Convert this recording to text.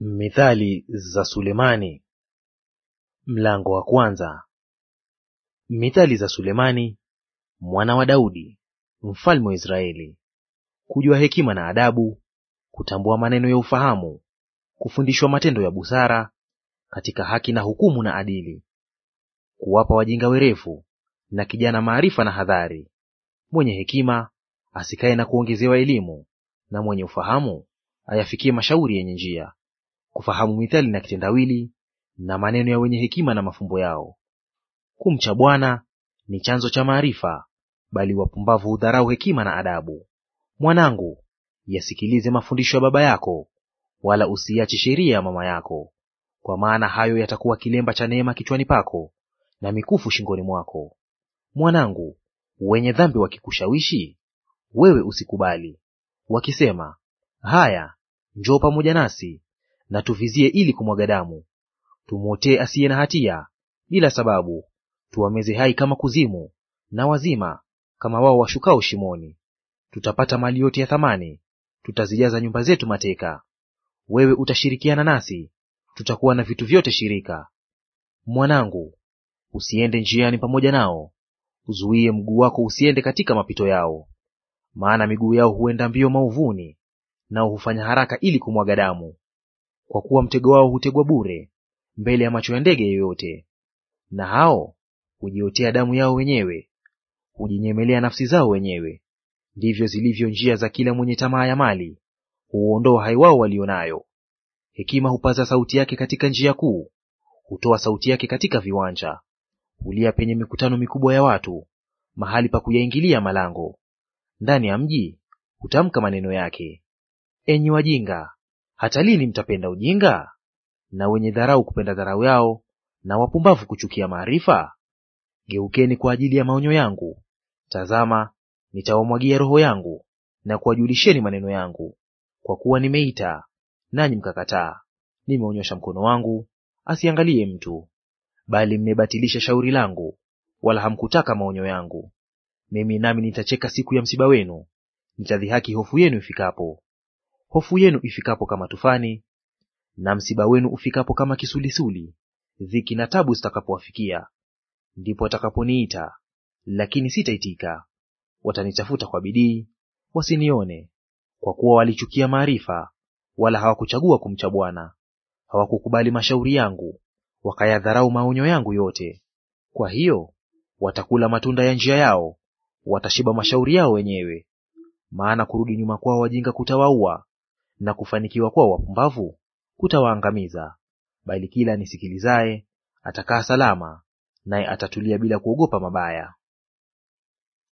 Mithali za Sulemani mlango wa kwanza. Mithali za Sulemani mwana wa Daudi mfalme wa Israeli, kujua hekima na adabu, kutambua maneno ya ufahamu, kufundishwa matendo ya busara, katika haki na hukumu na adili, kuwapa wajinga werefu na kijana maarifa na hadhari. Mwenye hekima asikae na kuongezewa elimu, na mwenye ufahamu ayafikie mashauri yenye njia kufahamu mithali na kitendawili na maneno ya wenye hekima na mafumbo yao. Kumcha Bwana ni chanzo cha maarifa, bali wapumbavu hudharau hekima na adabu. Mwanangu, yasikilize mafundisho ya baba yako, wala usiache sheria ya mama yako, kwa maana hayo yatakuwa kilemba cha neema kichwani pako na mikufu shingoni mwako. Mwanangu, wenye dhambi wakikushawishi wewe usikubali, wakisema, haya njoo pamoja nasi, na tuvizie ili kumwaga damu. Tumwotee asiye na hatia bila sababu, tuwameze hai kama kuzimu, na wazima kama wao washukao shimoni. Tutapata mali yote ya thamani, tutazijaza nyumba zetu mateka. Wewe utashirikiana nasi, tutakuwa na vitu vyote shirika. Mwanangu, usiende njiani pamoja nao, uzuie mguu wako usiende katika mapito yao. Maana miguu yao huenda mbio mauvuni, nao hufanya haraka ili kumwaga damu kwa kuwa mtego wao hutegwa bure mbele ya macho ya ndege yoyote, na hao hujiotea damu yao wenyewe, hujinyemelea nafsi zao wenyewe. Ndivyo zilivyo njia za kila mwenye tamaa ya mali, huuondoa hai wao walio nayo. Hekima hupaza sauti yake katika njia kuu, hutoa sauti yake katika viwanja, hulia penye mikutano mikubwa ya watu, mahali pa kuyaingilia malango. Ndani ya mji hutamka maneno yake. Enyi wajinga, hata lini mtapenda ujinga, na wenye dharau kupenda dharau yao, na wapumbavu kuchukia maarifa? Geukeni kwa ajili ya maonyo yangu. Tazama, nitawamwagia roho yangu na kuwajulisheni maneno yangu. Kwa kuwa nimeita nanyi mkakataa, nimeonyosha mkono wangu, asiangalie mtu. Bali mmebatilisha shauri langu, wala hamkutaka maonyo yangu. Mimi nami nitacheka siku ya msiba wenu, nitadhihaki hofu yenu ifikapo hofu yenu ifikapo kama tufani, na msiba wenu ufikapo kama kisulisuli, dhiki na tabu zitakapowafikia, ndipo watakaponiita, lakini sitaitika; watanitafuta kwa bidii, wasinione. Kwa kuwa walichukia maarifa, wala hawakuchagua kumcha Bwana. Hawakukubali mashauri yangu, wakayadharau maonyo yangu yote. Kwa hiyo watakula matunda ya njia yao, watashiba mashauri yao wenyewe. Maana kurudi nyuma kwao wajinga kutawaua, na kufanikiwa kwao wapumbavu kutawaangamiza. Bali kila anisikilizaye atakaa salama, naye atatulia bila kuogopa mabaya.